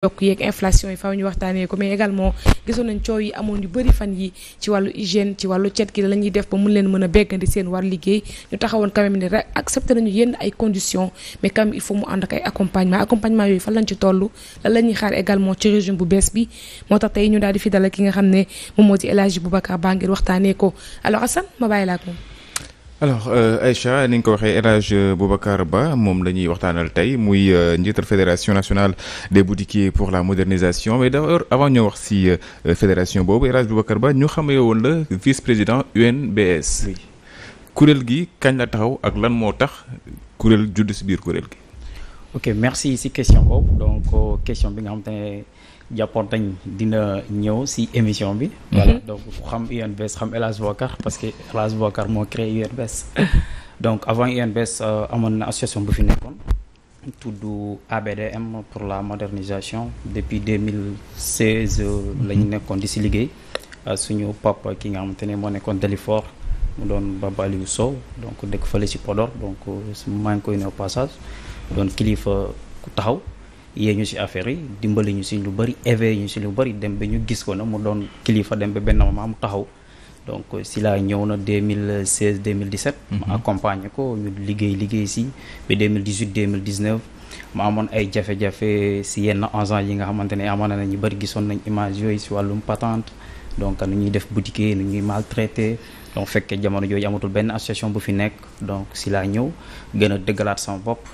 yokk yeeg inflation yi faaw ñu waxtaanee ko mais également gisoon nañ coow yi amoon yu bëri fan yi ci wàllu hygiène ci wàllu cet gi la ñuy def ba mun leen mën a béggandi seen war liggéey ñu taxawoon quand même ne rek accepté nañu yenn ay conditions mais quand il faut mu ànd ak ay accompagnement accompagnement yooyu fan lañ ci toll lan la ñuy xaar également ci régime bu bees bi moo tax tey ñu daal di fi dalal ki nga xam ne moom moo di El Hadji Boubacar Ba ngir waxtaanee ko alors Assane ma bàyyi la alors euh, Aïcha ni nga ko waxee El Hadj Boubacar Ba moom la ñuy waxtaanal tey muy euh, njiital fédération nationale des boutiquiers pour la modernisation mais d'abord avant ñoo wax ci euh, fédération boobu El Hadj Ba ñu xamee woon la vice président UNBS. oui kuréel gi kañ la taxaw ak lan moo tax kuréel judd ci biir kuréel gi. ok merci ci question boobu donc question bi nga xam te ne jàppoon nañ dina ñëw si émission bi. Mhm. voilà donc xam UNBS xam El Hadj parce que El Hadj moo moo créé UNBS. donc avant UNBS euh, amoon na association bu fi nekkoon. tudd ABDM pour la modernisation depuis 2016 la ñu nekkoon di si liggéey euh, suñu papa ki nga xamante ne moo nekkoon Dalifort mu doon Baba Aliou Sow donc dëkk fële si Podor donc euh, maa ngi koy néew passage doon kilifa ku taxaw. yee ñu ci affaire yi dimbali ñu ci lu bari éveillé ñu ci lu bari dem ba ñu gis ko na mu doon kilifa dem ba benn moment mu taxaw donc si laa ñëw na 2016 2017. ma accompagné ko ñu liggéey liggéey ci ba 2018 2019. ma amoon ay jafe-jafe si yenn agent yi nga xamante ne amoon na ñu bëri gisoon nañ image yooyu si wàllum patente donc nu ñuy def boutique nu ñuy maltraité donc fekkee jamono jooju amatul benn association bu fi nekk donc si laa ñëw gën a dëggalaat sama bopp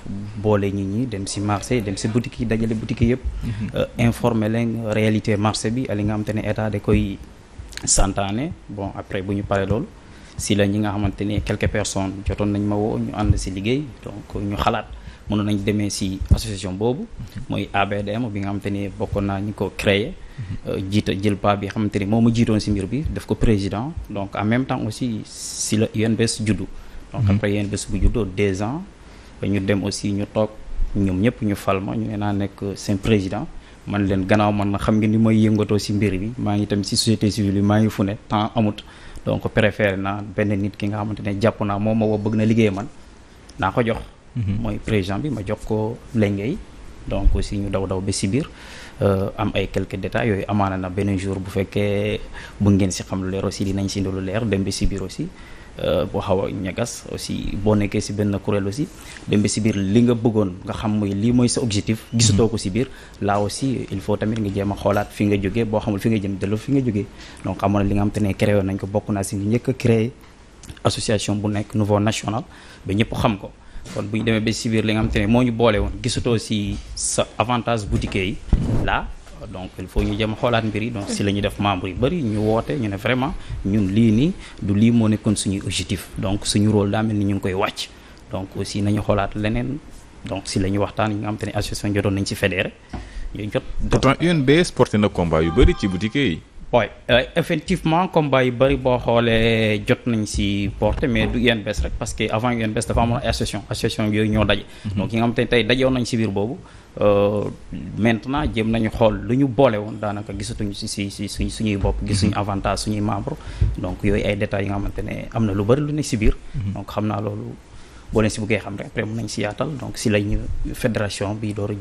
boole nit ñi dem si marché dem si boutique yi dajale boutique yi yëpp mhm. euh, informer leen réalité marché bi ali nga xamante ne état de koy santaane bon après bu ñu paree loolu si la ñi nga xamante ne quelque personne jotoon nañ ma woo ñu ànd si liggéey donc ñu xalaat mënoon nañ demee si association boobu mooy ABDM bi nga xamante ni bokkoon naa ñu ko créer euh, jiita jël pa bi xamante ni moom ma jiitoon si mbir bi def ko président donc en même temps aussi si la UNBS juddu donc mhm. après UNBS bu juddoo deux ans ñu dem aussi ñu toog ñoom ñëpp ñu fal ma ñu ne naa nekk seen président man leen gannaaw man na xam nga ni mooy yëngatoo si mbir bi maa ngi tamit si société civile bi maa ngi fu ne temps amut donc préféré naa benn nit ki nga xamante ne jàpp naa moom moo bëgg na liggéey man naa ko jox Mhm. mooy président bi ma jox ko lengey donc aussi ñu daw daw ba si biir euh, am ay quelques détails yooyu amaana na beneen jour bu fekkee bu ngeen si xam lu leer aussi dinañ si indi lu leer dem ba si biir aussi euh, boo xaw a ñagas aussi boo nekkee si benn kuréel aussi dem ba si biir li nga bëggoon nga xam mooy lii sa objectif. Mhm. gisatoo ko si biir là aussi il faut tamit nga jéem a xoolaat fi nga jóge boo xamul fi nga jëm delloo fi nga jógee donc amoon li nga xam te ne créé nañ ko bokk naa si ñu njëkk a association bu nekk nouveau national ba ñëpp xam ko. kon bu ñu demee ba si biir li nga xam te ne moo ñu boole woon gisatoo si sa avantage boutique yi là donc il faut ñu jëm xoolaat mbir yi donc si la def membre yu bëri ñu woote ñu ne vraiment ñun lii nii du lii moo nekkoon suñuy objectif donc suñu rôle daa ni ñu ngi koy wàcc donc aussi nañu xoolaat leneen donc si la ñuy waxtaan ñi nga xam te ne association jotoon nañ ci fédéré ñu jot. pourtant UNBS porté na combat yu bëri ci boutique yi. oui euh, effectivement combat yu bari boo xoolee jot nañ si porté mais du UNBS rek parce que avant UNBS dafa amoon association association yooyu ñoo daje. Mhm. donc yi nga xam te tey dajewoon nañ si biir boobu euh, maintenant jëm nañu xool lu ñu boole woon daanaka gisatuñu si si si suñ suñuy bopp gisuñu mhm. avantage suñuy membre donc yooyu ay détails yi nga xamante ne am na lu bëri lu ne si biir. Mhm. donc xam naa loolu boole leen si bëggee xam rek après mën nañ si yaatal donc si lañu fédération bi door a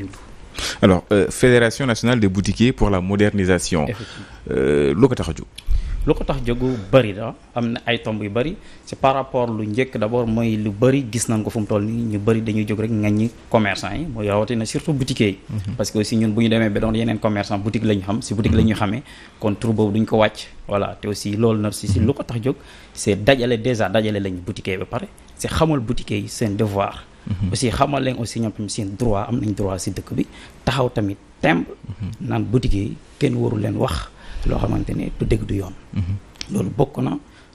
alors euh, fédération nationale des boutiquiers pour la modernisation. Euh, lu ko tax a jóg. lu ko tax jógu bëri da am na ay tomb yu bari c'est par rapport lu njëkk d'abord mooy lu bëri gis nañ ko fu mu toll nii ñu bari dañuy jóg rek ngaññi commerçant yi mooy rawatina surtout boutiquier yi. Mhm. parce que aussi ñun bu ñu demee ba doon yeneen commerçant boutique la ñu xam si boutique la ñu mhm. xamee kon tur boobu duñ ko wàcc. voilà te aussi loolu nag si si mhm. lu ko tax jóg c'est dajale déjà dajale lañu boutiquier ba pare c'est xamal boutiquier yi seen devoir. Mm-hmm. aussi xamal leen aussi ñoom tamit seen droit am nañ droit si dëkk bi taxaw tamit temb mm-hmm. naan boutique yi kenn waru leen wax loo xamante ne du dëgg du yoon mm-hmm. loolu bokk na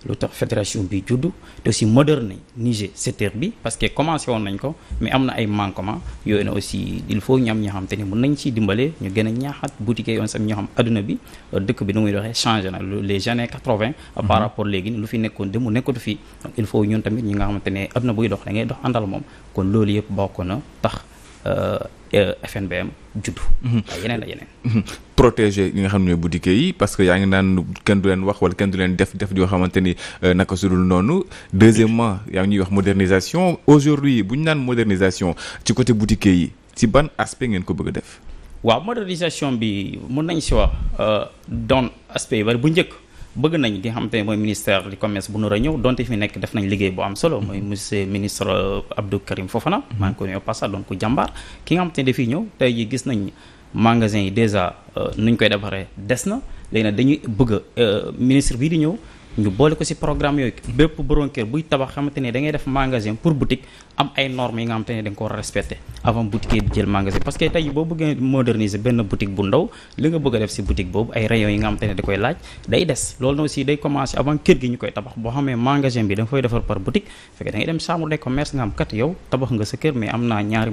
lu tax fédération bi juddu te aussi moderniser secteur bi parce que commencé woon nañ ko mais am na ay manquement yooyu ne aussi il faut ñam ñoo xam te ni mën nañ ci dimbale ñu gën a ñaaxaat boutique yoon sam ñoo xam adduna bi dëkk bi nu muy doxee changé na les années 80 mhm. par rapport léegi lu fi nekkoon de mu nekkatu fii donc il faut ñun tamit ñi nga xamante ne adduna buy dox da ngay dox àndal moom kon loolu yëpp bokk na tax euh, Euh, FNBM juddu. Mhm. ay yeneen la yeneen. Mhm. protéger ñi nga xam ne boutique yi parce que yaa ngi naan kenn du leen wax wala kenn du leen def def yoo xamante ni euh, naka su dul noonu. deuxièmement yaa ngi ñuy wax modernisation aujourd'hui bu ñu naan modernisation ci côté boutique yi ci ban aspect ngeen ko bëgg a def. waaw modernisation bi mun nañ si wax euh, doon aspect yi bari bu njëkk. bëgg nañ di xam te ne mooy ministère du commerce bu nar a ñëw donte fi nekk def nañ liggéey bu am solo mm-hmm. mooy monsieur ministre euh, Abdou Karim Fofana mm-hmm. maa ngi ko nuyu passa doon ko jàmbaar ki nga xam te ne dafiy ñëw tey ji gis nañ magasin yi déjà euh, nuñ koy defaree des na léegi nag dañuy bëgg euh, ministre bii di ñëw ñu boole ko ci programme yooyu bépp borom kër buy tabax xamante ne da ngay def magasin pour boutique am ay normes yi nga a respecter avant boutique di jël magasin parce que tey boo bëggee moderniser benn boutique bu ndaw li nga bëgg a def ci boutique boobu ay rayons yi nga xamante ne da koy laaj koy tabax boo xamee magasin bi da nga koy defar par boutique fekk da ngay dem chambre de commerce am kat yow tabax nga sa kër mais am naa ñaari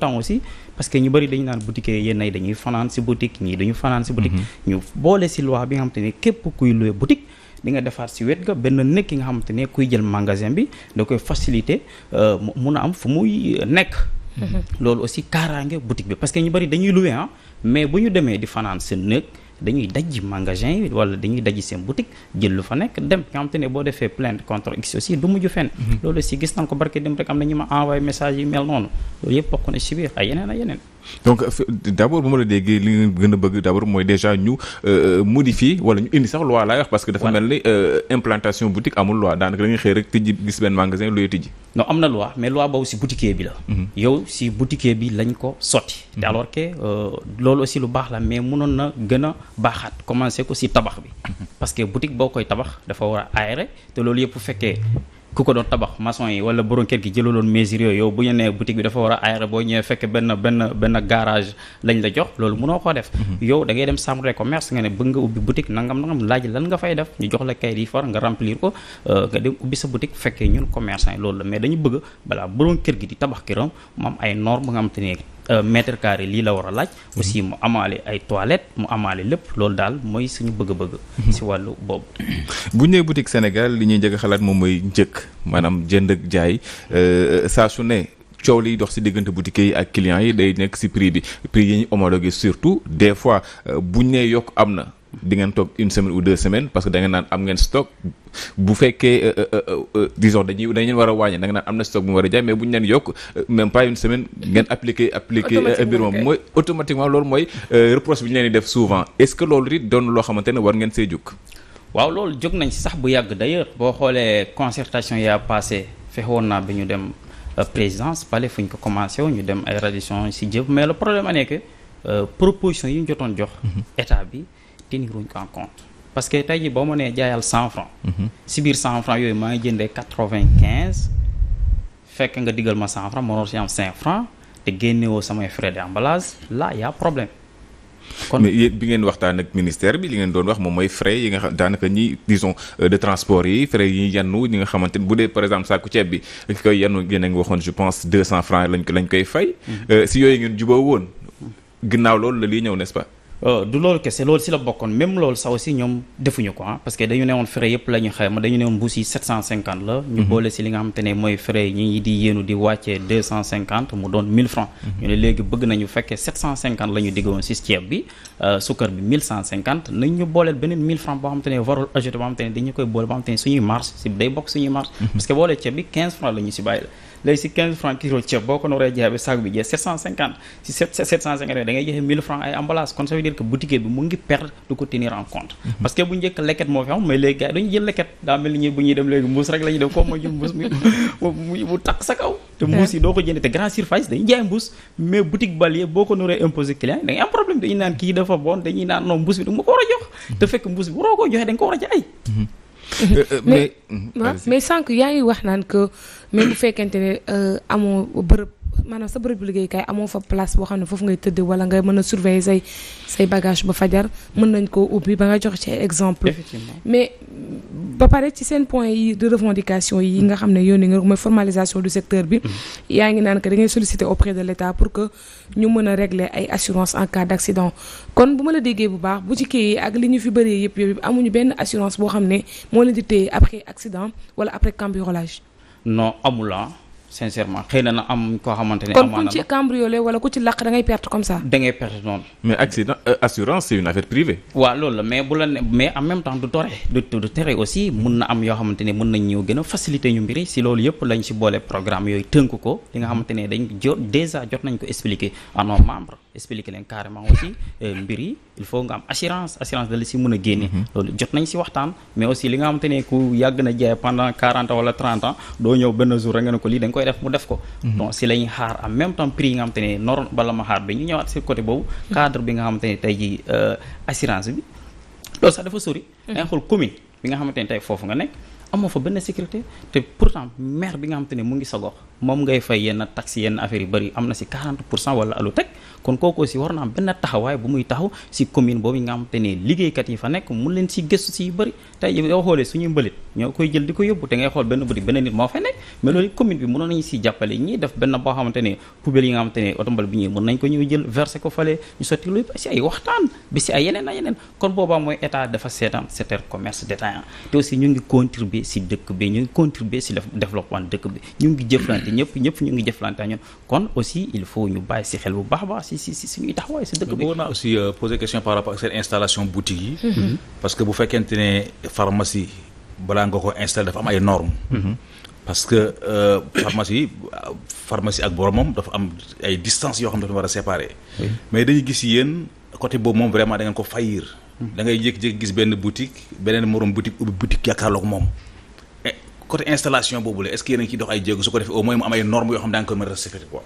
temps aussi parce que ñu bëri dañu naan boutique yéen ay dañuy fanaan si boutique ñii dañu fanaan si boutique mm-hmm. ñu boole si loi bi nga xam te ne képp kuy loué boutique di nga si wet ga benn nekk nga xam te ne kuy jël magasin bi da koy faciliter euh, mun a am fu muy nekk mm-hmm. loolu aussi kaaraange boutique bi parce que ñu bëri dañuy loué ah mais bu ñu demee di fanaan seen nekk dañuy dajji magasin yi wala dañuy dajji seen boutique jël lu fa nekk dem nga xam te boo defee plainte contre x aussi du mujj fenn mhm. loolu si gis nañ loi laay wax parce que dafa mel ni euh, implantation boutique amul loi daanaka da ngay xëy rek gis benn magasin looy tijji non am na loi mais loi boobu si boutiquier bi la mhm. yow si boutiquier bi lañ ko sotti te mhm. alors que euh, loolu aussi lu baax la mais mënoon na gën baaxaat commencé ko si tabax bi parce que boutique boo koy tabax dafa war a aéré te loolu yëpp fekkee ku ko doon tabax maçon yi wala borom kër gi jëlaloon mesure yooyu yow bu ñu nee boutique bi dafa war a aéré boo ñëwee fekk benn benn benn garage lañ la jox loolu mënoo ko def mhm. yow da ngay dem chambre de commerce nga ne bëgg nga ubbi boutique nangam nangam laaj lan nga fay def ñu jox la kayit yi far nga remplir ko euh, nga dem sa boutique fekkee ñun commerçant yi loolu la mais dañu bëgg balaa borom kër gi di tabax këram moom am ay normes nga xam te ne Euh, mètre carré lii la war a laaj. aussi mu amaale ay toilettes mu amaale lépp loolu daal mooy suñu bëgg-bëgg. Mhm. si wàllu boobu. bu ñu nee boutique Sénégal li ñuy njëkk xalaat moom mooy njëkk maanaam jënd ak jaay euh, saa su ne. coow liy dox si diggante boutique yi ak clients yi day nekk si prix bi prix yi ñu homologué surtout des fois euh, buñ ne yokk am na di ngeen toog une semaine ou deux semaines parce que da ngeen naan am ngeen stock bu fekkee euh, euh, euh, disons dañuy dañu war a wàññi da ngeen naan am na stock bu mu war a jaay mais bu ñu leen yokk même pas une semaine ngeen appliqué appliqué loolu mooy reproche bi ñu leen di def souvent est-ce que loolu it doon loo xamante ne war ngeen see jóg waaw loolu jóg nañ si sax bu yàgg day boo xoolee concertation yaa passé fexe woon naa bi ñu dem présidence palais fu ñu ko commencé wu ñu dem ay radition si jëf mais la problème a nekk proposition yi ñu jotoon jox mm-hmm. état bi tenir ko en compte parce que tey jii boo ma nee jaayal cent franc. Mhm. si biir cent franc yooyu maa ngi jëndee quatre quinze fekk nga digal ma cent franc ma war si am cinq franc te génnewoo samay frais d'emballage là y a problème. kon mais bi ngeen waxtaan ak ministère bi li ngeen doon wax moom mooy frais yi nga xam daanaka ñi disons euh, de transport yi frais yi ñuy yannu ñi nga xamante ni bu dee par exemple saaku ceeb bi dañ koy yannu yéen a ngi waxoon je pense deux cent franc lañ ko fay. Mhm. Euh, si yooyu ngeen jubóo woon. Mhm. ginnaaw loolu la lii ñëw n'est-ce pas. Euh, du loolu kese loolu si la bokkoon même loolu sax aussi ñoom defuñu ko ah parce que dañu ne woon frais yëpp la ñu xayma dañu ne woon mbuus yi 750 la. ñu mhm. ne mooy frais yi ñi di yéenu di wàccee 250 mu doon 1000 francs mhm. ñu nañu fekkee 750 la ñu diggoon si ceeb bi euh, sukkar bi 1150 nañ ñu booleel beneen 1000 francs boo xamante ne warul ajouté boo xamante ne dañu koy boole boo xamante ne suñuy marge day bokk suñuy marge. Mhm. parce que ceeb bi 15 francs la si bàyyi léegi mm-hmm. jël lekket daa mel ni ñuy dem léegi mbuus rek la ñuy def comme mbuus mu takk sa kaw. Mm-hmm. te mbuus yi doo ko jëndee te grand surface dañuy jaay mbuus mais boutique balier boo ko naree imposer client da am problème dañuy naan kii dafa bon dañuy naan non mbuus bi da nga ko war a jox. Mm-hmm. te fekk mbuus bi waroo koo joxe da ko war a jaay. Eh, euh, euh, mais mais sànq yaa ngi wax naan mais bu fekkente ne euh, amoo bërëb maanaam sa bërëb liggéeykaay amoo fa place boo xam ne foofu ngay tëdd wala nga mën a surveiller say say bagage ba fajar mën nañ koo ubbi ba nga jox ci exemple. effectivement mais ba pare ci seen point yi de revendication yi nga xam ne yoon yónni nga mooy formalisation du secteur bi. Mm-hmm. yaa ngi naan que da ngay solliciter auprès de letat pour que ñu mën a régler ay assurance en cas d'accident. kon bu ma la déggee bu baax bu ci kii ak li ñu fi bëree yëpp yëpp amuñu benn assurance boo xam ne moo leen di téye après accident wala après cambriolage. non amula ah, sincèrement xëy na na am koo xamante ne. amaana kon ku ci cambriolé wala ku ci làq da ngay perte comme ça. da ngay perte noonu. mais accident euh, assurance c'est une affaire privée. waa loolu la mais bu la ne mais en même temps du tore du tere aussi mun na am yoo xamante ne mun nañ ñëw gën a faciliter ñu mbiri si loolu yëpp lañ si boole programme yooyu tënk ko li nga xamante ne dañ jot déjà jot nañ ko expliquer à nos membres. expliquer leen carrément aussi euh, mbir yi il faut nga am assurance assurance da la si mën a génne mhm. loolu jot nañ si waxtaan mais aussi li nga xamante ne ku yàgg na jaay pendant quarante wala trente ans doo ñëw benn jour rek nga ko lii da koy def mu def ko mhm. donc si la xaar en même temps prix yi nga xamante ne nor bala ma xaar bi ñu ñëwaat si côté boobu mhm. cadre bi nga xamante ne tey ji euh, assurance bi loolu sax dafa sori danga xool commune bi nga xamante ne tey foofu nga nekk amoo fa benn sécurité te pourtant maire bi nga xamante ne mu ngi sa gox moom ngay fay yenn taxes yenn affaires yu bëri am na si 40 pour cent wala alu teg kon kooku aussi war na am benn taxawaay bu muy taxaw si commune boobu nga xam te ñoo koy jël di ko yóbbu te ngay xool benn bëri benn nit moo fa nekk mais loolu commune bi ne poubelle yi nga xamante ne oto mbal ñu sotti lu si ay bi a yeneen kon boobaa mooy état dafa seetaan secteur commerce détaillant te aussi ñu ngi contribuer si dëkk bi ñu ngi contribuer si développement dëkk bi ñu ngi jëflante ñëpp ñëpp ñu ngi jëflante ñun kon aussi il faut ñu bàyyi si xel bu baax baax si si si suñuy taxawaay si dëkk bi. Euh, mm-hmm. Mm-hmm. parce que bu fekkente ne pharmacie balaa nga ko installé dafa am ay normes. Mm-hmm. parce que euh, pharmacie pharmacie ak boromam dafa am ay distance yoo xam ne dafa war a séparer. mais dañuy gis yéen côté boobu moom vraiment da ko fayir. da ngay jékki-jékki gis benn boutique beneen morom boutique ubbi boutique yaakaarloo ko moom. côté installation boobu la est-ce que yéen a ngi ciy dox ay jéego su ko defee au moins mu am ay normes yoo xam daa nga koy mën a respecté quoi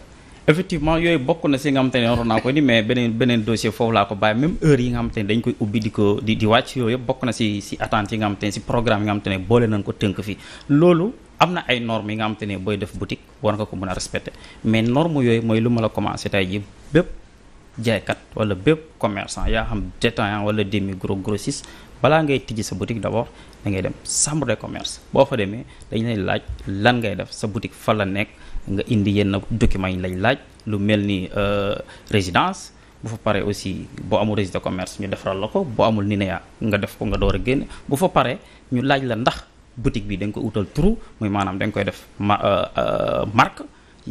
effectivement yooyu bokk na si nga xamante ne naa ko ni mais beneen beneen dossier foofu koy ubbi di ko di wàcc yooyu yëpp bokk na si si yi nga xamante ne si programme yi nga xamante ne boole nañ ko tënk fii loolu am na ay normes yi nga xamante ne booy def boutique war nga ko mën a respecté mais norme yooyu mooy lu ma la commencé tey ji bépp jaaykat wala bépp commerçant yaa xam détaillant wala demi gros grossiste balaa ngay tijji sa boutique d'abord da ngay dem chambre de commerce boo fa demee dañ lay laaj lan ngay def sa boutique fan la nekk nga indi yenn documents yi lañ laaj lu mel ni euh, résidence bu fa paree aussi boo amul registre commerce ñu defaral la ko boo amul NINEA nga def ko nga door a génne bu fa paree ñu laaj la ndax boutique bi da nga ko utal trou muy maanaam da koy def ma euh, euh, marque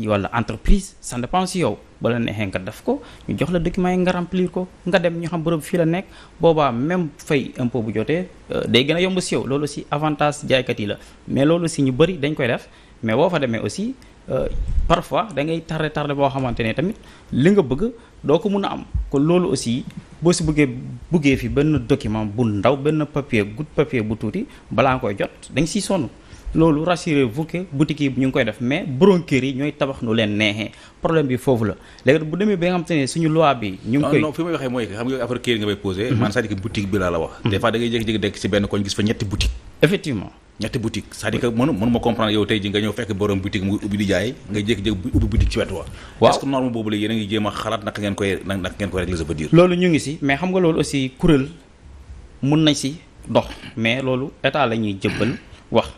wala entreprise ça dépend yow. bala neexee nga def ko ñu jox la document yi nga remplir ko nga dem ñu xam bërëb fii la nekk boobaa même fay impôt bu jotee euh, day gën a yomb si yow loolu aussi avantage jaaykat yi la mais loolu aussi ñu bëri dañ koy def mais boo fa demee aussi euh, parfois da ngay tardé tardé boo xamante ne tamit li nga bëgg doo ko mun a am kon loolu aussi boo si buggee buggee fii benn document bu ndaw benn papier goutte papier bu tuuti balaa nga koy jot da nga siy sonn loolu rassurez vous que boutique yi ñu ngi koy def mais broker yi ñooy tabax nu leen neexee problème bi foofu la léegi bu demee ba nga xam te ne suñu loi bi ñu ngi koy non fi may waxee mooy xam nga affaire kër nga may posé mhm. man c'est-à-dire que boutique bi laa la wax mhm. des yow tey ji nga ñëw fekk borom boutique mu ubbi di nga jékki-jékki ubbi boutique ci wetu wa waaw est-ce que norme boobu la yéen a ngi jéem a xalaat naka ngeen koy naka ngeen koy régler ça veut dire loolu ñu ngi si mais xam nga loolu aussi kuréel mun nañ si dox mais loolu état la ñuy jëbbal wax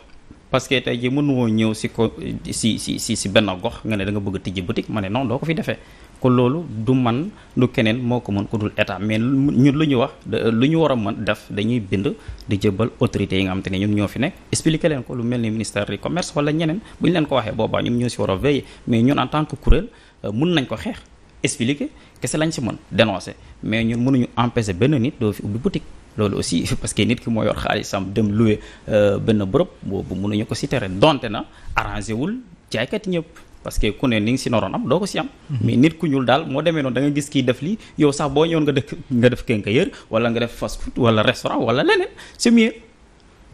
parce que tey jii mënu woo ñëw si ko si si si benn gox nga ne danga nga bëgg a tijji boutique ma ne non doo ko fi defee ko loolu du man du keneen moo ko mën ku dul état mais ñun lu ñu wax lu ñu war a mën def dañuy bind di jëbal autorités yi nga xam te ne ñun ñoo fi nekk expliquer leen ko lu mel ni ministère du commerce wala ñeneen bu ñu leen ko waxee boobaa ñun ñoo si war a veiller mais ñun en tant que euh, mun nañ ko xeex expliquer kese lañ si mën dénoncer mais ñun mënuñu empêcher benn nit doo fi ubbi boutique loolu aussi parce que nit ki moo yor xaalisam dem loué euh, benn bërëb boobu mënuñu ko si tere donte na arrangé wul jaaykat ñëpp parce que ku ne ni nga si noroon am doo ko si am mhm. mais nit ku ñuul daal moo demee noonu da nga gis kii def li yow sax boo ñëwoon nga def nga def quincaillerie wala nga def fast food wala restaurant wala leneen c'est mieux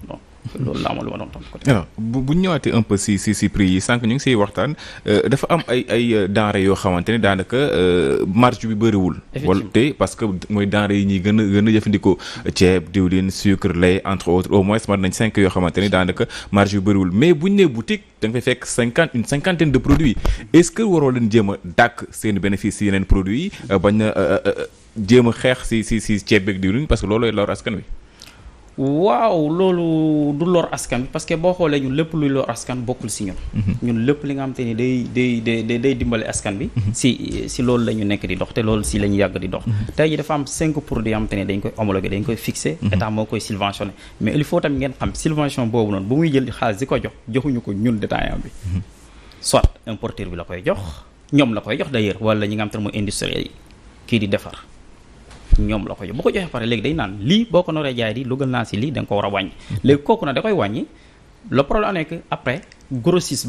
bon loolu la amoon lu ma doon tontu. bu bu ñu ñëwaatee un si si si prix yi sànq ñu ngi siy waxtaan euh, dafa am ay ay euh, denrées yoo xamante ne daanaka euh, marge bi bëriwul. wala te parce que mooy denrées yi ñuy gën a gën a jëfandikoo ceeb diwlin sucre lait entre autres au moins mën nañ cinq yoo xamante ne daanaka marge bi bëriwul mais bu ñu nee boutique da nga fay fekk cinquante une cinquantaine de produits est-ce que waroo leen jéem a dàkk seen bénéfice si yeneen produits yi bañ na jéem a xeex si si si ceeb beeg diwlin parce que loolooy askan wi. waaw loolu du lor askan bi parce que boo xoolee ñun lépp luy lor askan bokkul si ñun. Mhm. ñun lépp li nga xam te ni day day day day dimbale askan bi. Mhm. si si loolu lañu nekk di dox te loolu si la ñu yàgg di dox. Mhm. tey ji dafa am cinq pour yoo xam te ne dañ koy homologué dañ koy fixé. état moo koy subventionné mais il faut tamit ngeen xam subvention boobu noonu bu muy jël xaalis di ko jox joxuñu ko ñun détaillant bi. soit importeur bi la koy jox ñoom la koy jox d'ailleurs wala ñi nga xam te ne mooy industriel yi kii di defar. ñoom la ko jox bu ko joxee pare léegi day naan lii boo ko noree jaay di lu gën naa si lii da ko war a wàññi léegi kooku na da koy wàññi le problème nekk après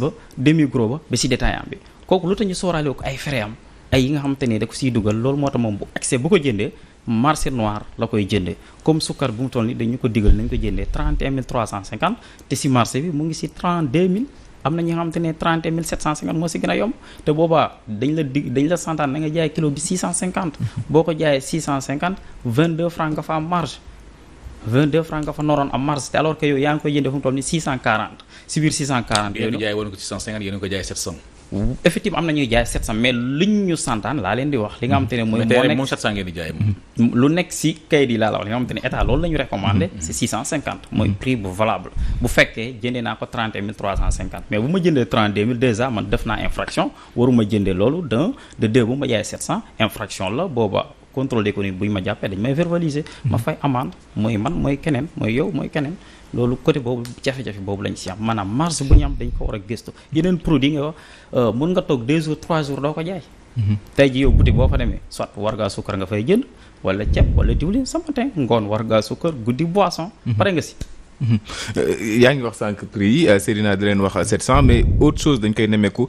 ba demi gros ba ba si détaillant bi kooku lu tax ñu sooraale ko ay fere am ay yi nga xamante ne da siy dugal loolu moo tax moom bu accès bu ko jëndee marché noir la koy jëndee comme sukkar bu mu toll ni dañu ko digal nañ ko jëndee cent 350 te si marché bi mu ngi si 32 000 am na ñu xam xamante ne trente mille sept cent cinquante moo si gën a yomb te boobaa dañ la dig dañ la santaan na nga jaay kilo bi six cent cinquante mhm. boo ko jaayee six cent cinquante vingt deux francs nga fa am marge vingt deux francs nga fa noroon am marge te alors que yow yaa ngi koy jëndee fu mu nii six cent quarante six cent quarante yéen a jaay woon ko six cent cinquante yéen a ko jaay sept cent effectivement am na ñuy jaay 700 mais liñ ñu santaan laa leen di wax. li nga xamante ne mooy moo nekk moom 700 ngeen di jaay lu nekk si kayit yi laa la wax li nga xamante ne état loolu la ñu recommandé. c' est 650 mooy prix bu valable. bu fekkee jëndee naa ko 30 350 mais bu ma jëndee 32 000 dèjà man def naa infraction waruma jëndee loolu d'un de deux bu ma jaay 700 infraction la booba. contrôle économique bu ñu ma jàppee dañ may verbaliser. ma fay amaan mooy man mooy keneen mooy yow mooy keneen. loolu côté boobu jafe-jafe boobu lañ si am maanaam marge bu ñu am dañ ko war a gëstu yeneen produit nga wax euh, mën nga toog 2 jours 3 jours ko mhm. tey ji yow boutique boo fa demee soit war ngaa sukkar nga fay jënd wala ceeb wala diwlin sa matin ngoon war ngaa sukkar guddi boisson. Mhm. pare nga si. Mhm. Euh, yaa ngi wax sànq prix yi euh, Serina da leen wax 700 mais autre chose dañ koy nemeeku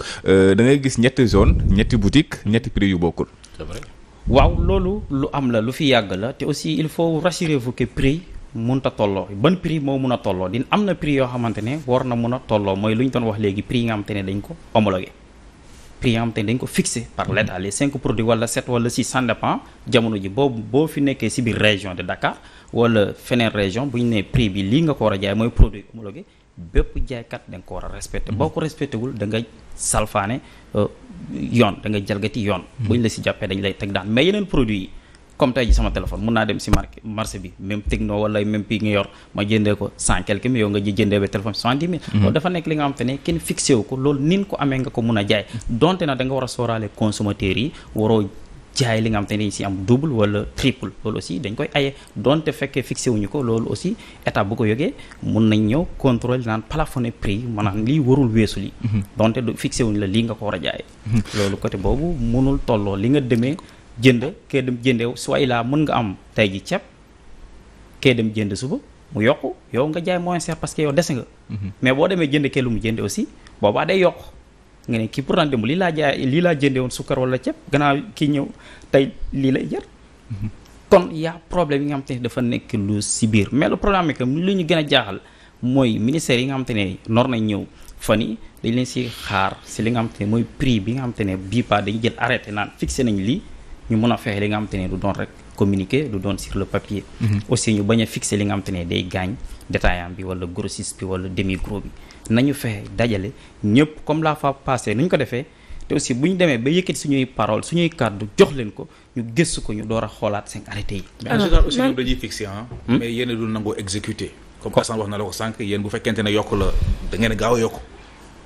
dangay gis ñetti zone ñetti boutique ñetti prix yu bokkul. c'est waaw loolu lu am la lu fi yàgg la te aussi il faut rassurer vous que prix mënut a tolloo ban prix moo mun a tolloo din am na prix yoo xamante ne war na mun a tolloo mooy lu ñu doon wax léegi prix yi nga xamante ne dañ ko homologué prix yi nga xamante ne dañ ko fixé par l'état les cinq produits wala sept wala six ça dépend jamono ji boobu boo fi nekkee si biir région de Dakar wala feneen région bu ñu nee prix bi lii nga ko war a jaay mooy produit homologué bépp jaaykat da ko war a respecté mm-hmm. boo ko respecté wul da nga salfaane euh, yoon da nga jalgati yoon mm-hmm. bu ñu la si jàppee dañ lay teg daan mais yeneen produit yi comme tey ji sama téléphone mun naa dem si marché marché bi même techno wala même prix nga yor ma jëndee ko cent quelques mille yow nga ji jëndee ba téléphone cent dix mille mm-hmm. loolu dafa nekk li nga xam te ne kenn fixé wu ko loolu nin ko amee nga ko mun a jaay donte na da nga war a sóoraale consommateurs yi waroo jaay li nga xam te ne si am double wala triple loolu aussi dañ koy aye donte fekkee fixé wuñu ko loolu aussi état bu ko yogee mun nañ ñëw contrôle naan plafonné prix maanaam lii warul weesu li mhm. donte du fixé wuñu la lii nga ko war a jaay mhm. loolu côté boobu mënul tolloo li nga demee jënd kee dem jëndeew soit mën nga am tey ji ceeb kee dem jënd suba mu yokk yow nga jaay moins cher parce que yow dese nga mhm. mais boo demee jënd kee lu mu jënd aussi boobaa day yokk nga ne kii pourtant démb lii laa jaay lii laa jëndee woon sukkar wala ceeb gannaaw kii ñëw tey lii lay jar. Mhm. kon yaa problème yi nga xam te dafa nekk lu si biir mais le problème est que li ñu gën a jaaxal mooy ministère yi nga xam te ne nor nañ ñëw fan yi dañ leen si xaar si li nga am te ne mooy prix bi nga xam te ne bii pas dañu jël arrêté naan fixé nañ lii ñu mën a fexe li nga xam te ne du doon rek communiqué du doon sur le papier. Mhm. aussi ñu bañ a fixé li nga xam te ne day gaañ détaillant bi wala grossiste bi wala demi gros bi. nañu fexe dajale ñëpp comme la fois passée ñu ko defee te aussi bu ñu demee ba yëkkati suñuy parole suñuy kàddu jox leen ko ñu gëstu ko ñu door a xoolaat seen arrêté yi. mais en général aussi ñoom dañuy fixé ah. Hmm? mais yéen a nangoo exécuté. comme Assane wax na la ko sànq yéen bu fekkente ne yokk la da ngeen gaaw a yokk.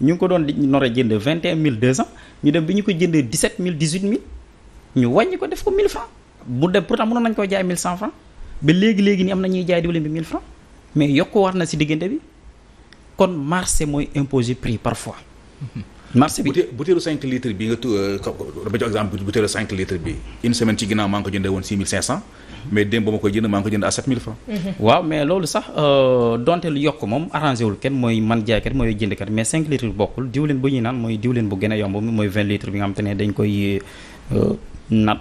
ñu ngi ko doon nar a jënd vingt et un mille deux cent ñu dem bi ñu ko jëndee dix sept mille dix huit mille ñu wàññi ko def ko mille franc bu dem pourtant mënoon nañu koo jaay mille cent franc ba léegi léegi ni am na ñuy jaay diwlin bi mille franc mais yokku war na si diggante bi kon marché mooy imposer prix parfois. marché bi butéelu 5 litres bi nga tu dama euh, jox exemple butéelu 5 litres bi une semaine ci ginnaaw maa ngi ko jëndee woon 6500. mais démb ba ma koy jënd maa ngi ko jënd à 7000 francs mhm. waaw mais loolu sax euh, donte yokk moom arrangé wul kenn mooy man jaaykat mooy jëndkat mais 5 litres bokkul diwlin bu ñuy naan mooy diwlin bu gën a yomb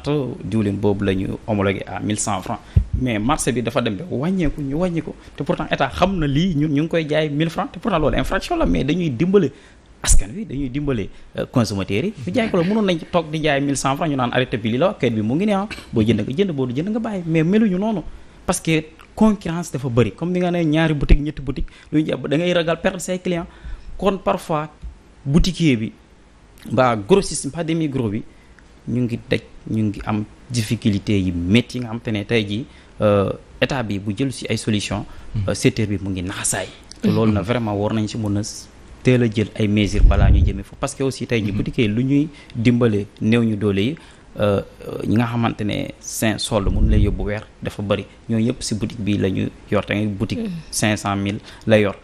euh, boobu la ñu homologué à 1100 francs mais marché bi dafa dem ba wàññeeku ñu wàññi ko te pourtant état xam na lii ñun ñu ngi koy jaay 1000 francs te pourtant loolu infraction la mais dañuy dimbale askan wi dañuy dimbale euh, consommateurs yi ñu jaay ko la mënoon nañ toog di jaay 1100 francs ñu naan arrêté bi lii la wax kayit bi mu ngi ne ah boo jënd nga jënd boo jënd nga bàyyi mais meluñu noonu parce que concurrence dafa bëri comme ni nga ne ñaari boutique ñetti boutique lu ñu jàpp da ngay ragal perdre say clients kon parfois boutiquier bi mbaa grossiste mbaa demi gros bi ñu ngi daj ñu ngi am difficulté yi métti yi nga xam te ne tey jii euh, état bi bu jël si ay solution hmm. euh, secteur bi mu ngi naxasaay te loolu na vraiment war nañ si mën a teel a jël ay mesures balaa ñu jëmee foofu parce que aussi tey ñu bu mhm. dikkee lu ñuy dimbale néew ñu doole yi euh, ñi nga xamante ne cinq mun lay yóbbu weer dafa bëri ñooñu yëpp si boutique bi la ñu yor te nga boutique mhm. cinq cent mille la yor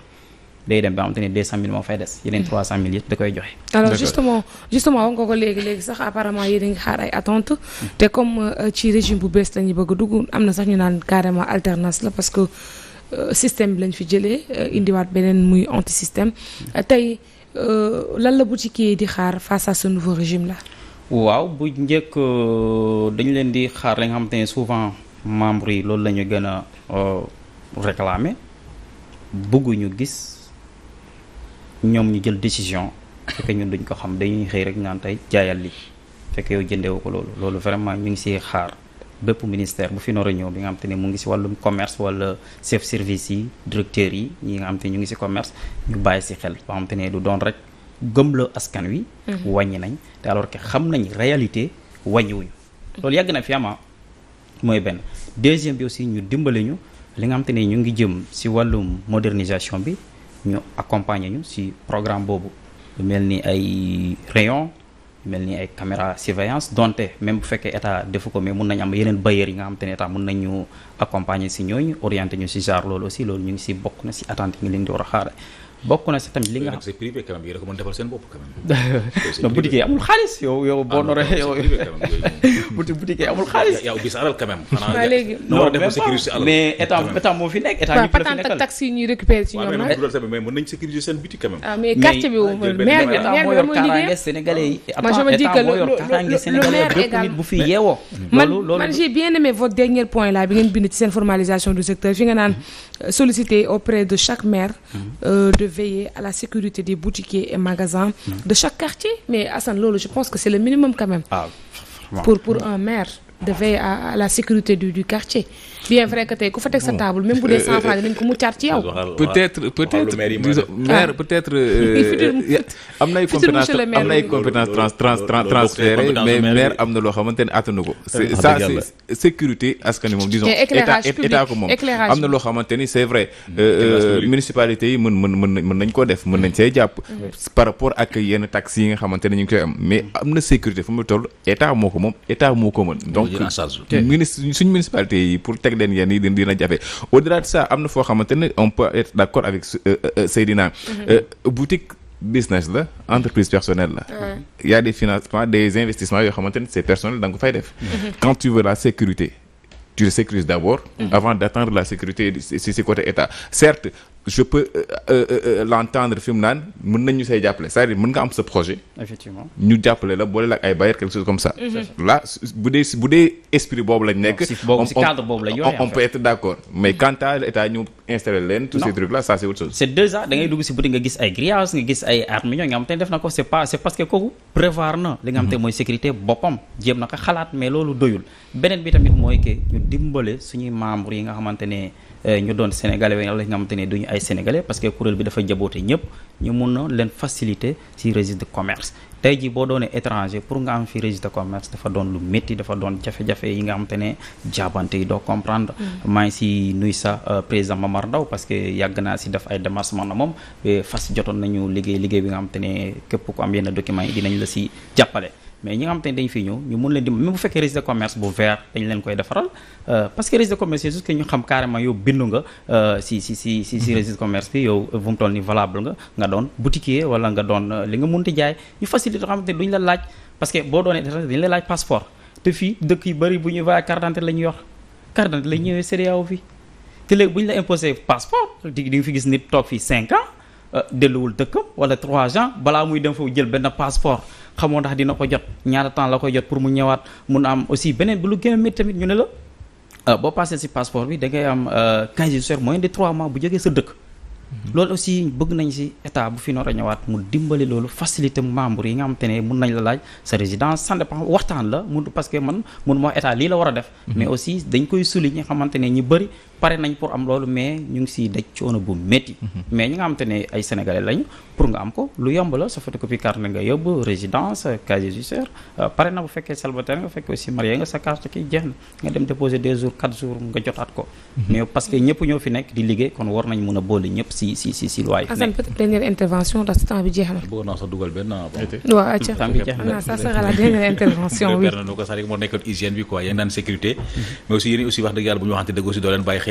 day dem ba xamante deux cent mille moo fay des yeneen mhm. trois cent mille yëpp da koy joxe alors justement justement nga ko léegi léegi sax apparemment yéen a ngi xaar ay attente te comme euh, ci régime bu bees la bëgg dugg am na sax ñu naan carrément Euh, système bi lañ fi jëlee euh, indiwaat beneen muy anti système euh, tey lan la boutique yi di xaar face à ce nouveau régime là. waaw bu njëkk dañu leen di xaar li nga xamante ne souvent membres yi loolu lañu ñu gën a réclamer bëgguñu gis ñoom ñu jël décision fekk ñun duñ ko xam dañuy xëy rek naan tey jaayal li fekk yow jëndee ko loolu loolu vraiment ñu ngi siy xaar. bépp ministère bu fi nar a bi nga xam te ne mu ngi si wàllum commerce wala chef service yi directeurs yi ñi xam te ñu ngi si commerce ñu bàyyi si xel ba xam te ne du doon rek gëm la askan wi. Mm-hmm. wàññi nañ te alors que xam nañ réalité wàññiwuñu. loolu yàgg na fi ama mooy benn deuxième bi aussi ñu dimbale ñu li nga xam te ne ñu ngi jëm si wàllum modernisation bi ñu accompagner ñu si programme boobu lu mel ni ay rayon. mel ni ay caméra surveillance donte même bu fekkee état defu ko mais mun nañ am yeneen bailleurs yi nga xam te ne état mun nañ ñu si ñooñu orienté ñu si genre loolu aussi loolu ñu ngi si bokk na si attente yi ngi leen di war a xaare bokk na si tamit li nga xam c'est privé quand même yéen a ko mën defal seen bopp quand même. non boutique yi amul xaalis yow yow boo ah noree yow boutique boutique yi amul xaalis. yow gis alal quand même. xanaa léegi non def sécurité alal mais état état moo fi nekk état ñu fi la fi nekkal taxi yi ñuy récupérer ci ñoom rek mais mën nañ sécuriser seen boutique quand même. ah mais quartier bi wu maire bi maire bi moo liggéey sénégalais yi. man je me dis que le maire égal bu fi yeewoo. loolu loolu man j'ai bien aimé votre dernier point là bi ngeen bind ci seen formalisation du secteur fi nga naan euh, solliciter auprès de chaque maire de euh, veiller à la sécurité des boutiquiers et magasins mmh. de chaque quartier mais Assane loolu je pense que c'est le minimum quand même ah, pour pour un maire de veiller à, à la sécurité du, du quartier bien vrai que tey ku fa teg sa table même bu dee cent francs dinañ ko muccaat ci yow. peut-être peut-être disons maire peut-être. Ah. Euh, am nay compétence compétence transféré mais maire am na loo xamante ne attanu ko. ça c'est sécurité askan wi moom disons. état état ko moom am na loo xamante ni c'est vrai. Mm-hmm. Euh, euh, municipalité yi mën mën nañ ko def mën nañ see mm-hmm. jàpp. Mm-hmm. par rapport ak yenn taxes yi nga xamante ne ñu ngi koy am mais am na sécurité fu mu toll état moo ko moom état moo ko mën. donc ministre teg leen yenn yi di dina jafe au delà de ça am na foo xamante on peut être d' accord avec euh, euh, Seydina mhm. euh, boutique business la entreprise personnelle la il a des financements des investissements yoo xamante c'est personnel da nga ko fay def mhm. Mhm. quand tu veux la sécurité tu le d'abord avant d'attendre la sécurité si si côté état certes je peux euh, euh, euh, l'entendre fi mu naan mën nañ ñu say jàppale sa à dire mën nga am sa projet. ñu jàppale la boole la ak ay bailleurs quelque chose comme ça. Mhm. là bu dee bu dee esprit boobu lañ nekk. si cadre boobu la on peut être d'accord mais quant à l'état ñu installé leen. tous ces trucs là ça c'est autre chose. c'est dugg si boutique nga gis ay grillage nga gis ay armes nga xam te def na ko c'est pas c'est parce que kooku prévoir na. li nga xam te mhm. mooy sécurité boppam ne. Euh, ñu doon sénégalais wala nga xamante ne ñu ay sénégalais parce que kuréel bi dafa jaboote ñëpp ñu mun na leen faciliter ci registre de commerce tey jii boo doonee étranger pour nga am fi registre commerce dafa doon lu métti dafa doon jafe-jafe yi nga xamante ne jaabante yi doo comprendre. Mm. maa ngi si nuy sa euh, président Mamar Ndaw parce que yàgg naa si def ay démarches man na moom fas jotoon nañu liggéey liggéey bi nga xamante ne képp ku am yenn documents yi dinañ la si jàppale. mais ñi nga xam te ne dañ fi ñëw ñu mun leen di même bu fekkee registre commerce bu vert dañ leen koy defaral euh, parce que registre de commerce yi juste que ñu xam carrément yow bindu nga euh, si si si si si mhm. commerce bi yow bu euh, mu toll ni valable nga nga doon boutiquier wala nga doon li nga mun ti jaay ñu facilité xam te la laaj parce que boo doonee la laaj passeport te fii dëkk yu bëri bu ñuy vaay carte d'identité la ñu yor carte d'identité la ñu mhm. ñëwee CEDEAO fii te léegi bu ñu la imposé passeport di nga fi gis nit toog fii 5 delluwul dëkkam wala trois ans balaa muy dem foofu jël benn passeport xamoo ndax dina ko jot ñaata temps la koy jot pour mu ñëwaat mun am aussi beneen bi lu gën tamit ñu ne la euh, boo passé si passeport bi da ngay am quinze euh, jours moyen de trois mois bu jógee sa dëkk. Mhm. loolu aussi bëgg nañ si état bu fi noor a ñëwaat mu dimbali loolu facilité membre yi nga xam te ne mun nañ la laaj sa résidence sans dépend waxtaan la mun parce que man mun ma wax état lii la war a def. Mhm. mais aussi pare nañ pour am loolu mais ñu ngi siy daj coono bu métti. Mhm. mais ñi nga xamante ne ay sénégalais lañu pour nga am ko lu yomb la sa photocopie carte nga yóbbu résidence casier judiciaire euh, pare nga fekk aussi sa carte kii jeex na nga dem déposer deux ko. Mhm. mais parce que ñoo fi nekk di liggéey kon war nañ mun a boole ñëpp si intervention ndax temps bi jeex na. Ah, moo nekkoon hygiène bi quoi doo leen bàyyi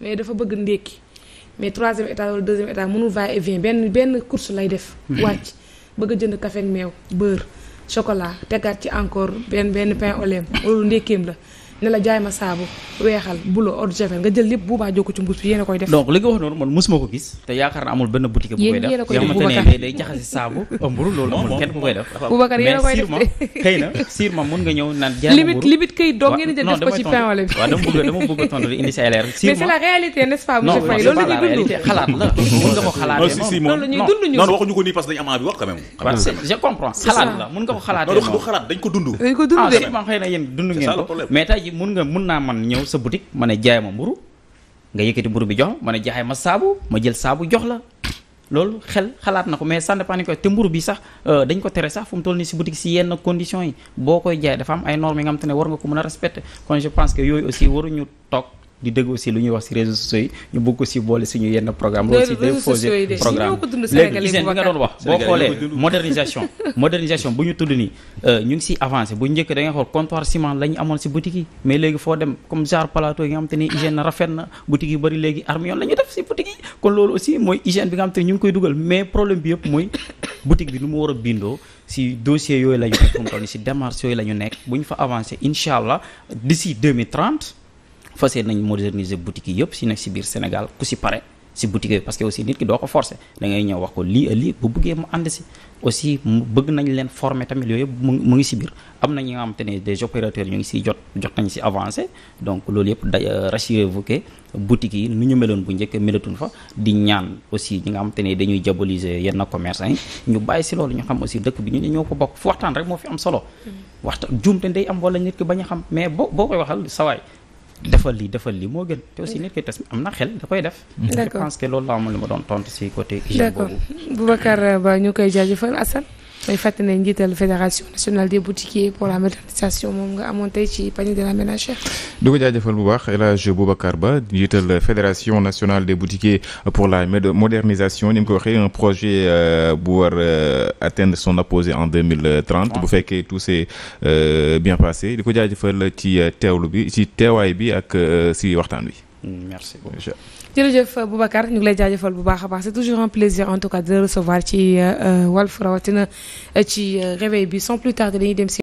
mais dafa bëgg ndékki mais troisième étage wala deuxième étage mënul va et vient benn benn course lay def. Hmm. wàcc bëgg a jënd café ak meew beurre chocolat tegaat ci encore benn benn pain au lait loolu ndékkeem la. ne jaay ma saabu weexal bulo eau javel nga jël lépp buubaa ci mbuus bi koy def donc li nga wax noonu man musuma ko gis te yaakaar na amul benn boutique bu koy def yoo xamante koy def mais c'est la réalité n'est-ce pas monsieur Faye je comprends xalaat la mun nga ko xalaatee noonu xalaat dañ ko dund dañ ko dund ah, de mais tey ji mun nga mun naa man ñëw sa boutique ma ne jaay ma mburu nga yëkkati mburu bi jox ma ne jaay ma saabu ma jël saabu jox la loolu xel xalaat na ko mais ça ni ko te mburu bi sax euh, dañ ko tere sax fu mu toll nii si boutique si yenn conditions yi boo koy jaay dafa am ay normes nga xam te war nga ko mën a respecter kon je yooyu waruñu toog di dégg aussi lu ñuy wax ci réseaux sociaux yi ñu bëgg aussi boole suñu yenn programme loolu aussi day poser programme léegi hygiène bi nga doon wax modernisation modernisation bu ñu tudd ni euh, ñu ngi ci avancé bu njëkk da nga xool comptoir ciment la amoon ci boutique yi mais léegi foo dem comme genre plateau yi nga xam te ni hygiène na rafet na boutique yi bëri léegi armion la def ci boutique yi kon loolu aussi mooy hygiène bi nga xam te ni ñu ngi koy dugal mais problème bi yëpp mooy boutique bi nu mu war a bindoo ci dossier yooyu la ñu nekk fu mu la ñu nekk bu ñu fa avancé incha allah d'ici 2030 fas yéene nañ moderniser boutique yi yëpp si nekk si biir Sénégal ku si pare si boutique yi parce que aussi nit ki doo ko forcer da ñëw wax ko lii lii bu bëggee mu ànd si aussi bëgg nañ leen former tamit yooyu yëpp mu ngi si biir am na ñi nga xamante ne ñu euh, bu njëkk melatuñ di ñaan aussi ñi nga xamante ne dañuy diaboliser yenn commerçant yi ñu bàyyi si loolu ñu xam aussi dëkk bi ñu ne ñoo ko bokk fu waxtaan rek moo fi am solo mm-hmm. waxtaan juumte day am wala nit ki bañ a xam mais boo boo koy waxal sawaay defal lii defal lii moo gën te aussi nit ki tas am na xel da koy def. je pense loolu laa amoon lu ma doon tontu si côté. hygiène boobu d' accord Boubacar Ba ñu koy jaajëfal Assane. may fàttali ne fa fédération nationale des boutiquiers pour la modernisation moom nga amoon tey ci panier de la di ko jaajëfal bu baax El Hadj Boubacar Ba njiital fédération nationale des boutiquiers pour la modernisation ni mu ko waxee un projet euh, bu war euh, atteindre son apogée en deux mille trente. bu fekkee tout s'est euh, bien passé di ko jaajëfal ci teewlu bi ci teewaay bi ak si waxtaan wi. jërëjëf Boubacar ñu ngi lay jaajëfal bu baax a baax c'est toujours un plaisir en tout cas de recevoir ci euh, euh, Walf rawatina euh, ci réveil bi sans plus tarder dañuy dem si.